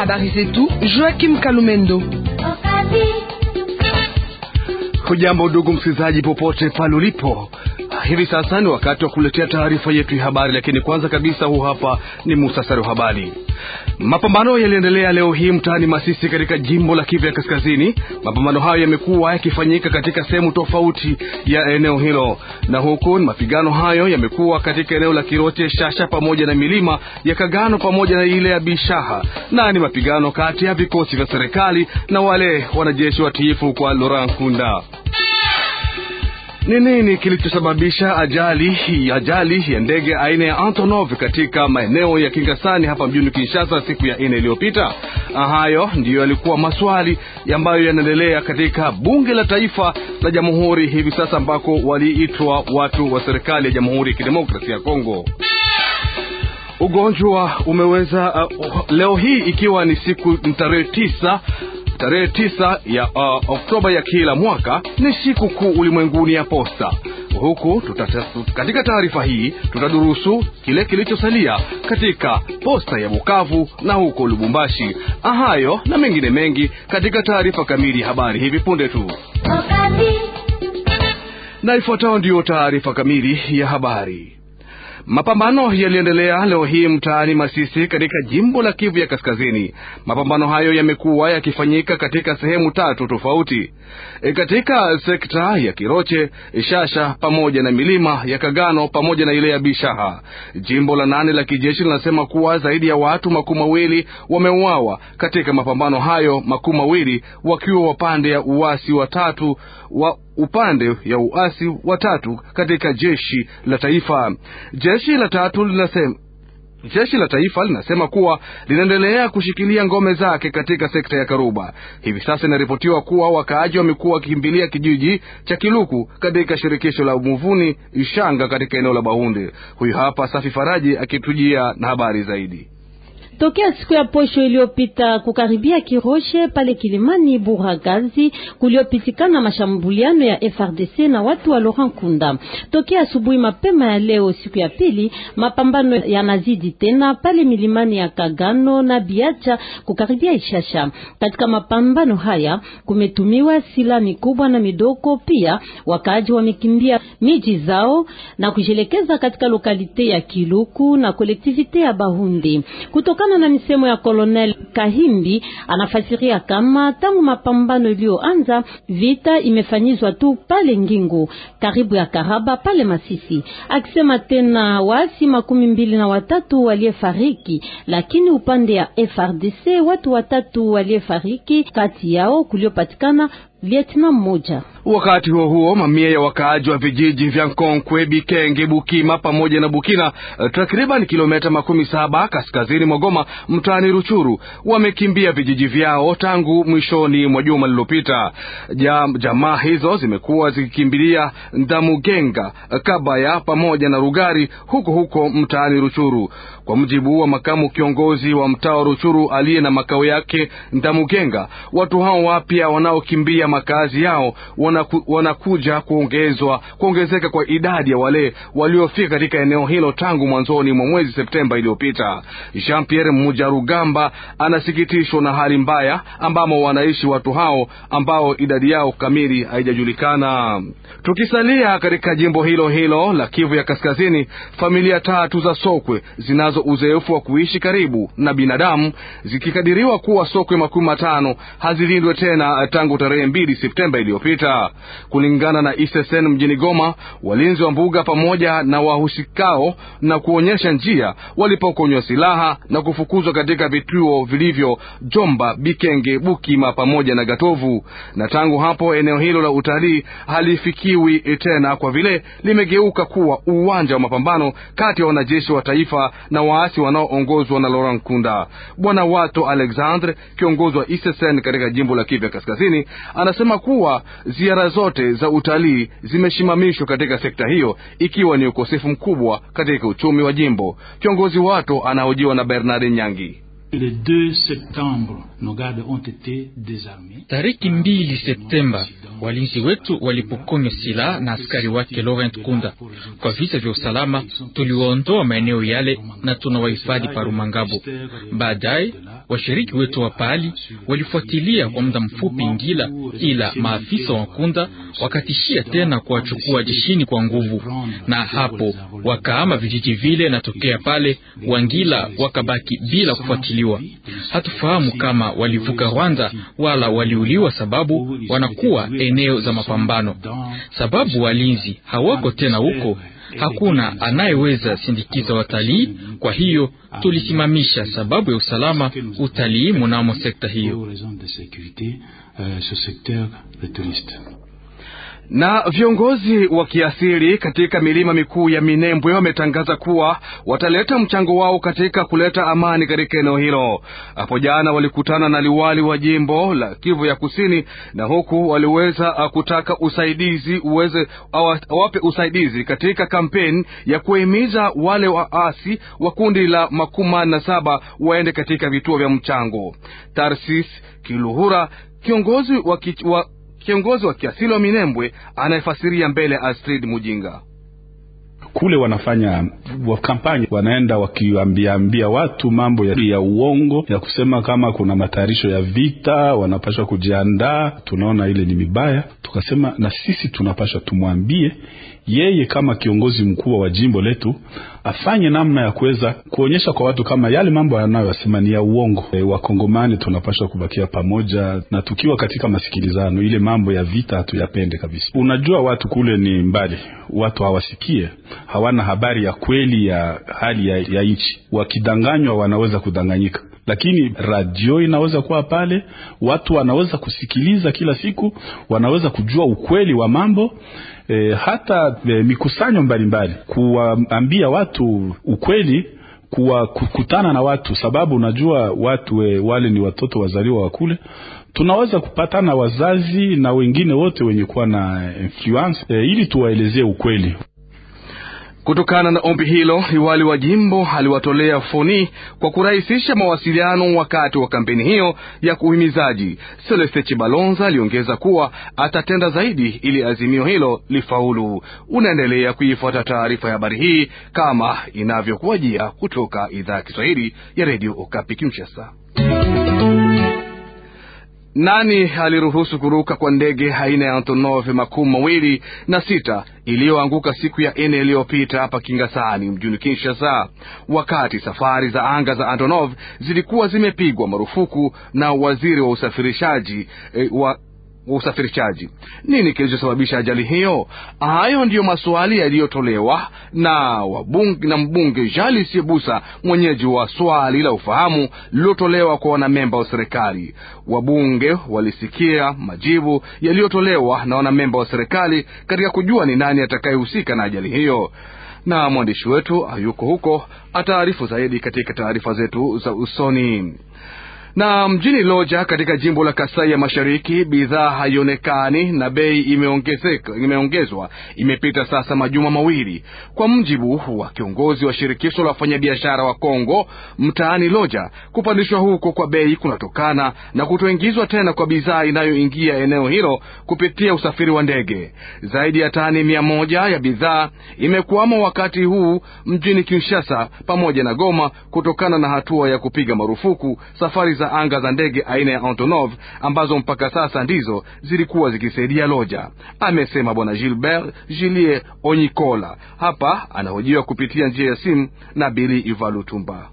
Habari zetu Joachim Kalumendo. Hujambo ndugu msikilizaji, popote pale ulipo, hivi sasa ni wakati wa kuletea taarifa yetu ya habari, lakini kwanza kabisa, huu hapa ni muhtasari wa habari. Mapambano yaliendelea leo hii mtaani Masisi katika jimbo la Kivu ya Kaskazini. Mapambano hayo yamekuwa yakifanyika katika sehemu tofauti ya eneo hilo, na huku mapigano hayo yamekuwa katika eneo la Kirote Shasha pamoja na milima ya Kagano pamoja na ile ya Bishaha, na ni mapigano kati ya vikosi vya serikali na wale wanajeshi watiifu kwa Laurent Kunda. Ni nini kilichosababisha ajali ajali ya ndege aina ya Antonov katika maeneo ya Kingasani hapa mjini Kinshasa siku ya nne iliyopita? Ah, hayo ndiyo yalikuwa maswali ambayo yanaendelea katika bunge la taifa la jamhuri hivi sasa, ambako waliitwa watu wa serikali ya Jamhuri ya Kidemokrasia ya Kongo. Ugonjwa umeweza uh, leo hii ikiwa ni siku tarehe tisa Tarehe tisa ya uh, Oktoba ya kila mwaka ni siku kuu ulimwenguni ya posta. Huku katika taarifa hii tutadurusu kile kilichosalia katika posta ya Bukavu na huko Lubumbashi. Ahayo na mengine mengi katika taarifa kamili habari hivi punde tu, na ifuatayo ndiyo taarifa kamili ya habari. Mapambano yaliendelea leo hii mtaani Masisi katika jimbo la Kivu ya Kaskazini. Mapambano hayo yamekuwa yakifanyika katika sehemu tatu tofauti, e, katika sekta ya Kiroche, Shasha pamoja na milima ya Kagano pamoja na ile ya Bishaha. Jimbo la nane la kijeshi linasema kuwa zaidi ya watu makumi mawili wameuawa katika mapambano hayo, makumi mawili wakiwa wapande ya uasi watatu wa upande ya uasi wa tatu katika jeshi la taifa. Jeshi la tatu linasema Jeshi la taifa linasema kuwa linaendelea kushikilia ngome zake katika sekta ya Karuba. Hivi sasa inaripotiwa kuwa wakaaji wamekuwa wakikimbilia kijiji cha Kiluku katika shirikisho la Muvuni Ishanga katika eneo la Bahunde. Huyu hapa Safi Faraji akitujia na habari zaidi. Tokea siku ya posho iliyopita kukaribia Kiroshe pale Kilimani Buragazi kuliopitikana mashambuliano ya FRDC na watu wa Laurent Kunda. Tokea asubuhi mapema ya leo siku ya pili, mapambano yanazidi tena pale milimani ya Kagano na Biacha kukaribia Ishasha. Katika mapambano haya kumetumiwa silaha mikubwa na midoko, pia wakaaji wamekimbia miji zao na kujielekeza katika lokalite ya Kiluku na kolektivite ya Bahundi kutoka Kufatana na misemo ya Colonel Kahimbi, anafasiria kama tangu mapambano iliyoanza vita imefanyizwa tu pale Ngingo karibu ya Karaba pale Masisi, akisema tena waasi makumi mbili na watatu waliyefariki lakini upande ya FRDC watu watatu waliyefariki kati yao kuliopatikana Vietnam moja. Wakati huo huo, mamia ya wakaaji wa vijiji vya Nkonkwe, Bikenge, Bukima pamoja na Bukina, eh, takriban kilomita makumi saba kaskazini mwa Goma, mtaani Ruchuru, wamekimbia vijiji vyao tangu mwishoni mwa juma lililopita. Jam, jamaa hizo zimekuwa zikikimbilia Ndamugenga, eh, Kabaya pamoja na Rugari huko huko mtaani Ruchuru. Kwa mjibu wa makamu kiongozi wa mtaa wa Ruchuru aliye na makao yake Ndamugenga, watu hao wapya wanaokimbia makazi yao wanaku, wanakuja kuongezwa kuongezeka kwa idadi ya wale waliofika katika eneo hilo tangu mwanzoni mwa mwezi Septemba iliyopita. Jean Pierre Mujarugamba anasikitishwa na hali mbaya ambamo wanaishi watu hao ambao idadi yao kamili haijajulikana. Tukisalia katika jimbo hilo hilo la Kivu ya Kaskazini, familia tatu za sokwe zinazo ambazo uzoefu wa kuishi karibu na binadamu zikikadiriwa kuwa sokwe makumi matano hazilindwe tena tangu tarehe mbili Septemba iliyopita. Kulingana na ISSN mjini Goma, walinzi wa mbuga pamoja na wahusikao na kuonyesha njia walipokonywa silaha na kufukuzwa katika vituo vilivyo Jomba, Bikenge, Bukima pamoja na Gatovu, na tangu hapo eneo hilo la utalii halifikiwi tena kwa vile limegeuka kuwa uwanja wa mapambano kati ya wanajeshi wa taifa na waasi wanaoongozwa na Laurent Kunda. Bwana Wato Alexandre, kiongozi wa ISSN katika jimbo la Kivu Kaskazini, anasema kuwa ziara zote za utalii zimeshimamishwa katika sekta hiyo, ikiwa ni ukosefu mkubwa katika uchumi wa jimbo. Kiongozi Wato anahojiwa na Bernard Nyangi. Le 2 septembre, ont été désarmés. Tariki mbili Septemba walinzi wetu walipokonywa silaha na askari wake Laurent Kunda. Kwa visa vya usalama, tuliwaondoa maeneo yale na tunawahifadhi Parumangabo. Baadaye washiriki wetu wa pahali walifuatilia kwa muda mfupi Ngila, ila maafisa wa Kunda wakatishia tena kuwachukua jeshini kwa nguvu, na hapo wakaama vijiji vile, na tokea pale Wangila wakabaki bila kufuatilia waliuliwa. Hatufahamu kama walivuka Rwanda wala waliuliwa, sababu wanakuwa eneo za mapambano, sababu walinzi hawako tena huko. Hakuna anayeweza sindikiza watalii. Kwa hiyo tulisimamisha sababu ya usalama utalii mnamo sekta hiyo na viongozi wa kiasili katika milima mikuu ya Minembwe wametangaza kuwa wataleta mchango wao katika kuleta amani katika eneo hilo. Hapo jana walikutana na liwali wa jimbo la Kivu ya Kusini, na huku waliweza ah, kutaka usaidizi uweze awape ah, usaidizi katika kampeni ya kuhimiza wale waasi wa kundi la makumi na saba waende katika vituo vya mchango Tarsis Kiluhura kiongozi wa, Kiongozi wa Kiasilo Minembwe anayefasiria mbele Astrid Mujinga kule wanafanya wa kampanya, wanaenda wakiambiaambia watu mambo ya, ya uongo ya kusema kama kuna matayarisho ya vita, wanapashwa kujiandaa. Tunaona ile ni mibaya, tukasema na sisi tunapashwa tumwambie yeye kama kiongozi mkubwa wa jimbo letu afanye namna ya kuweza kuonyesha kwa watu kama yale mambo anayoyasema ni ya uongo. E, wakongomani tunapaswa kubakia pamoja, na tukiwa katika masikilizano, ile mambo ya vita hatuyapende kabisa. Unajua, watu kule ni mbali, watu hawasikie, hawana habari ya kweli ya hali ya, ya nchi. Wakidanganywa wanaweza kudanganyika lakini radio inaweza kuwa pale, watu wanaweza kusikiliza kila siku, wanaweza kujua ukweli wa mambo e, hata e, mikusanyo mbalimbali, kuwaambia watu ukweli kuwa kukutana na watu sababu unajua watu we, eh, wale ni watoto wazaliwa wa kule. Tunaweza kupatana wazazi na wengine wote wenye kuwa na influence e, ili tuwaelezee ukweli. Kutokana na ombi hilo, liwali wa jimbo aliwatolea foni kwa kurahisisha mawasiliano wakati wa kampeni hiyo ya uhimizaji. Celeste Chibalonza aliongeza kuwa atatenda zaidi ili azimio hilo lifaulu. Unaendelea kuifuata taarifa ya habari hii kama inavyokuajia kutoka idhaa ya Kiswahili ya redio Okapi Kinshasa. Nani aliruhusu kuruka kwa ndege aina ya Antonov makumi mawili na sita iliyoanguka siku ya nne iliyopita hapa Kingasani mjini Kinshasa, wakati safari za anga za Antonov zilikuwa zimepigwa marufuku na waziri wa usafirishaji e, wa wa usafirishaji. Nini kilichosababisha ajali hiyo? Hayo ndiyo maswali yaliyotolewa na wabunge, na mbunge Jali Siebusa, mwenyeji wa swali la ufahamu lililotolewa kwa wanamemba wa serikali. Wabunge walisikia majibu yaliyotolewa na wanamemba wa serikali katika kujua ni nani atakayehusika na ajali hiyo na mwandishi wetu ayuko huko, ataarifu zaidi katika taarifa zetu za usoni. Na mjini Loja katika jimbo la Kasai ya Mashariki, bidhaa haionekani na bei imeongezeka, imeongezwa imepita sasa majuma mawili. Kwa mjibu wa kiongozi wa shirikisho la wafanyabiashara wa Kongo mtaani Loja, kupandishwa huko kwa bei kunatokana na kutoingizwa tena kwa bidhaa inayoingia eneo hilo kupitia usafiri wa ndege. Zaidi ya tani mia moja ya bidhaa imekwama wakati huu mjini Kinshasa pamoja na Goma kutokana na hatua ya kupiga marufuku safari za anga za ndege aina ya Antonov ambazo mpaka sasa ndizo zilikuwa zikisaidia Loja, amesema bwana Gilbert Gilie Onyikola. Hapa anahojiwa kupitia njia ya simu na Bili Ivalutumba.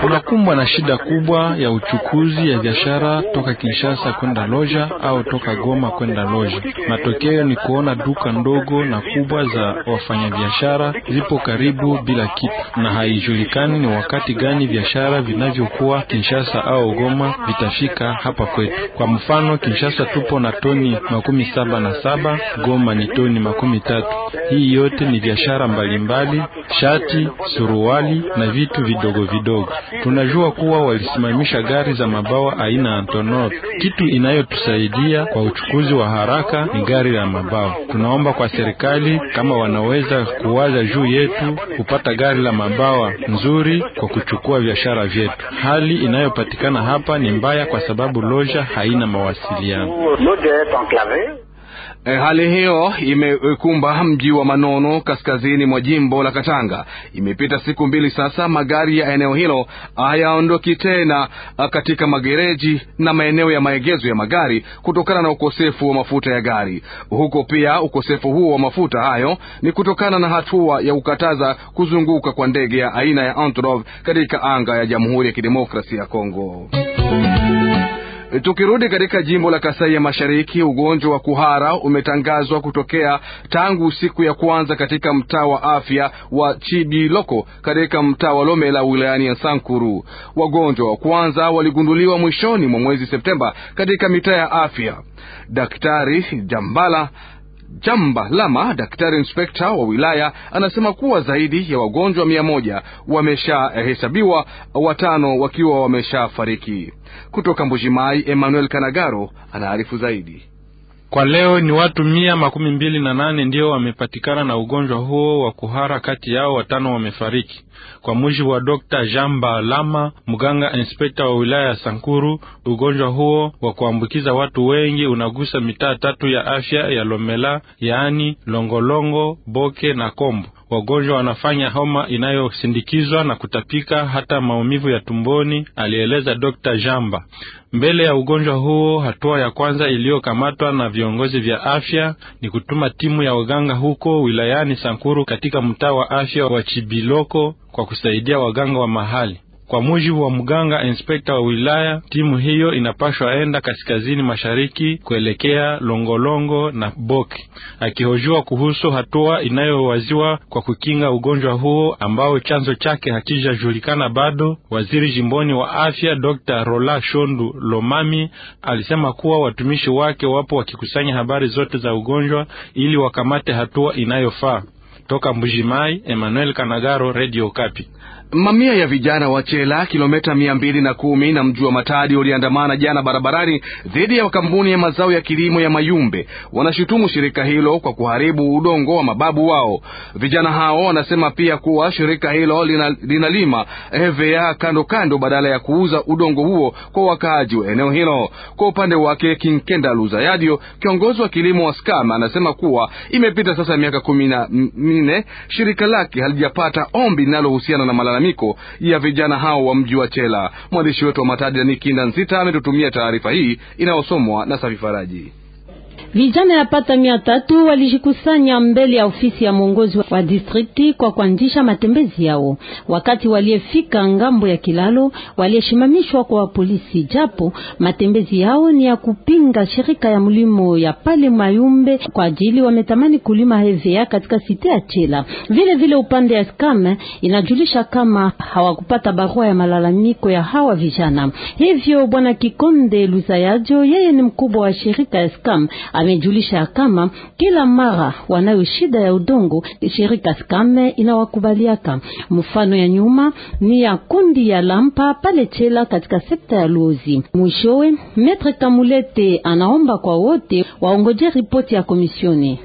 Tunakumbwa na shida kubwa ya uchukuzi ya biashara toka Kinshasa kwenda Loja au toka Goma kwenda Loja. Matokeo ni kuona duka ndogo na kubwa za wafanyabiashara zipo karibu bila kitu, na haijulikani ni wakati gani biashara vinavyokuwa Kinshasa au Goma vitafika hapa kwetu. Kwa mfano, Kinshasa tupo na toni makumi saba na saba, Goma ni toni makumi tatu. Hii yote ni biashara mbalimbali, shati, suruali na vitu vidogo vidogo. Tunajua kuwa walisimamisha gari za mabawa aina Antonov. Kitu inayotusaidia kwa uchukuzi wa haraka ni gari la mabawa. Tunaomba kwa serikali kama wanaweza kuwaza juu yetu kupata gari la mabawa nzuri kwa kuchukua biashara vyetu. Hali inayopatikana hapa ni mbaya kwa sababu loja haina mawasiliano. E, hali hiyo imekumba mji wa Manono kaskazini mwa jimbo la Katanga. Imepita siku mbili sasa, magari ya eneo hilo hayaondoki tena eh, katika magereji na maeneo ya maegezo ya magari kutokana na ukosefu wa mafuta ya gari huko. Pia ukosefu huo wa mafuta hayo ni kutokana na hatua ya kukataza kuzunguka kwa ndege ya aina ya Antonov katika anga ya Jamhuri ya Kidemokrasia ya Kongo. E, tukirudi katika jimbo la Kasai ya Mashariki, ugonjwa wa kuhara umetangazwa kutokea tangu siku ya kwanza katika mtaa wa afya wa Chibiloko katika mtaa wa Lomela wilayani ya Sankuru. Wagonjwa wa kwanza waligunduliwa mwishoni mwa mwezi Septemba katika mitaa ya afya. Daktari Jambala Jamba Lama, daktari inspekta wa wilaya, anasema kuwa zaidi ya wagonjwa mia moja wameshahesabiwa, watano wakiwa wameshafariki. Kutoka Mbujimai, Emmanuel Kanagaro anaarifu zaidi. Kwa leo ni watu mia makumi mbili na nane ndio wamepatikana na ugonjwa huo wa kuhara, kati yao watano wamefariki, kwa mujibu wa Dr. jean balama mganga inspekta wa wilaya ya Sankuru. Ugonjwa huo wa kuambukiza watu wengi unagusa mitaa tatu ya afya ya Lomela, yaani Longolongo, Boke na Kombo wagonjwa wanafanya homa inayosindikizwa na kutapika hata maumivu ya tumboni, alieleza Dr. Jamba. Mbele ya ugonjwa huo, hatua ya kwanza iliyokamatwa na viongozi vya afya ni kutuma timu ya waganga huko wilayani Sankuru katika mtaa wa afya wa Chibiloko kwa kusaidia waganga wa mahali. Kwa mujibu wa mganga inspekta wa wilaya, timu hiyo inapashwa enda kaskazini mashariki kuelekea Longolongo na Boki. Akihojiwa kuhusu hatua inayowaziwa kwa kukinga ugonjwa huo ambao chanzo chake hakijajulikana bado, waziri jimboni wa afya Dr. Rola Shondu Lomami alisema kuwa watumishi wake wapo wakikusanya habari zote za ugonjwa ili wakamate hatua inayofaa. Toka Mbujimai, Emmanuel Kanagaro, Radio Kapi. Mamia ya vijana wa Chela kilomita mia mbili na kumi na mji wa Matadi waliandamana jana barabarani dhidi ya kampuni ya mazao ya kilimo ya Mayumbe. Wanashutumu shirika hilo kwa kuharibu udongo wa mababu wao. Vijana hao wanasema pia kuwa shirika hilo linalima lina EVA kando kando badala ya kuuza udongo huo kwa wakaaji wa eneo hilo. Kwa upande wake, Kinkenda Luzayadio, kiongozi wa kilimo wa Skama, anasema kuwa imepita sasa miaka kumi na nne shirika lake halijapata ombi linalohusiana na malalamiko ya vijana hao wa mji wa Chela. Mwandishi wetu wa Matadi Danikinda Nzita ametutumia taarifa hii inayosomwa na Safi Faraji. Vijana ya pata mia tatu walijikusanya mbele ya ofisi ya mwongozi wa distrikti kwa kuanzisha matembezi yao. Wakati waliyefika ngambo ya kilalo, waliyeshimamishwa kwa polisi, japo matembezi yao ni ya kupinga shirika ya mlimo ya pale Mayumbe kwa ajili wametamani kulima hevea katika site ya Chela. Vile vile upande ya skame inajulisha kama hawakupata barua ya malalamiko ya hawa vijana. Hivyo bwana Kikonde Luzayajo, yeye ni mkubwa wa shirika ya skame amejulisha kama kila mara wanayo shida ya udongo, shirika Skame inawakubaliaka. Mfano ya nyuma ni ya kundi ya Lampa pale Chela katika sekta ya Luozi. Mwishowe, Metre Kamulete anaomba kwa wote waongoje ripoti ya komisioni.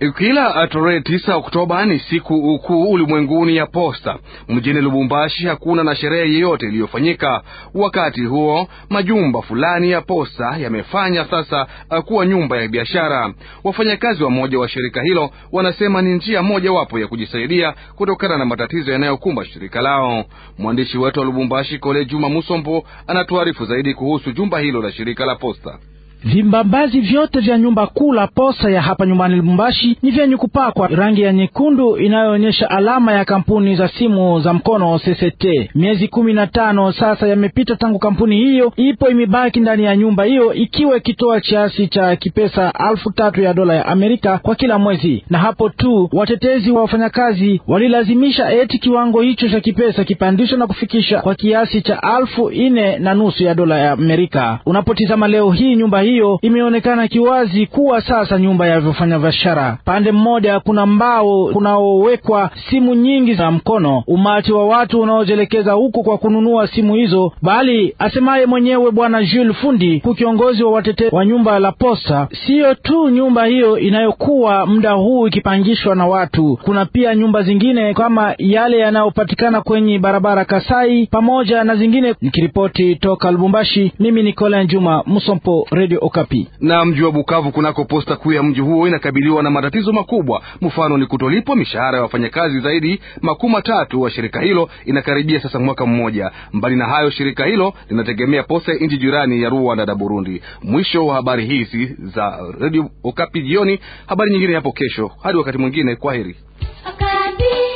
Eh, kila eh, tarehe tisa Oktoba ni siku kuu ulimwenguni ya posta. Mjini Lubumbashi hakuna na sherehe yeyote iliyofanyika wakati huo. Majumba fulani ya posta yamefanya sasa eh, kuwa nyumba ya biashara. Wafanyakazi wa moja wa shirika hilo wanasema ni njia mojawapo ya kujisaidia kutokana na matatizo yanayokumba shirika lao. Mwandishi wetu wa Lubumbashi, Kole Juma Musombo, anatuarifu zaidi kuhusu jumba hilo la shirika la posta. Vimbambazi vyote vya nyumba kuu la posa ya hapa nyumbani Lubumbashi ni vyenye kupakwa rangi ya nyekundu inayoonyesha alama ya kampuni za simu za mkono CCT. Miezi kumi na tano sasa yamepita tangu kampuni hiyo ipo imebaki ndani ya nyumba hiyo ikiwa ikitoa kiasi cha kipesa alfu tatu ya dola ya Amerika kwa kila mwezi, na hapo tu watetezi wa wafanyakazi walilazimisha eti kiwango hicho cha kipesa kipandishwe na kufikisha kwa kiasi cha alfu ine na nusu ya dola ya Amerika. Unapotizama leo hii nyumba hiyo imeonekana kiwazi kuwa sasa nyumba ya vifanya biashara. Pande mmoja kuna mbao kunaowekwa simu nyingi za mkono, umati wa watu unaojelekeza huku kwa kununua simu hizo, bali asemaye mwenyewe Bwana Jules Fundi, kukiongozi wa watetezi wa nyumba la posta, siyo tu nyumba hiyo inayokuwa muda huu ikipangishwa na watu, kuna pia nyumba zingine kama yale yanayopatikana kwenye barabara Kasai pamoja na zingine. Nikiripoti toka Lubumbashi, mimi ni Colin Juma Musompo, Radio Radio Okapi. Na mji wa Bukavu kunako posta kuu ya mji huo inakabiliwa na matatizo makubwa, mfano ni kutolipwa mishahara ya wafanyakazi zaidi makuu matatu wa shirika hilo inakaribia sasa mwaka mmoja. Mbali na hayo, shirika hilo linategemea posta ya nchi jirani ya Rwanda na Burundi. Mwisho wa habari hizi za Radio Okapi jioni. Habari nyingine hapo kesho. Hadi wakati mwingine, kwa heri.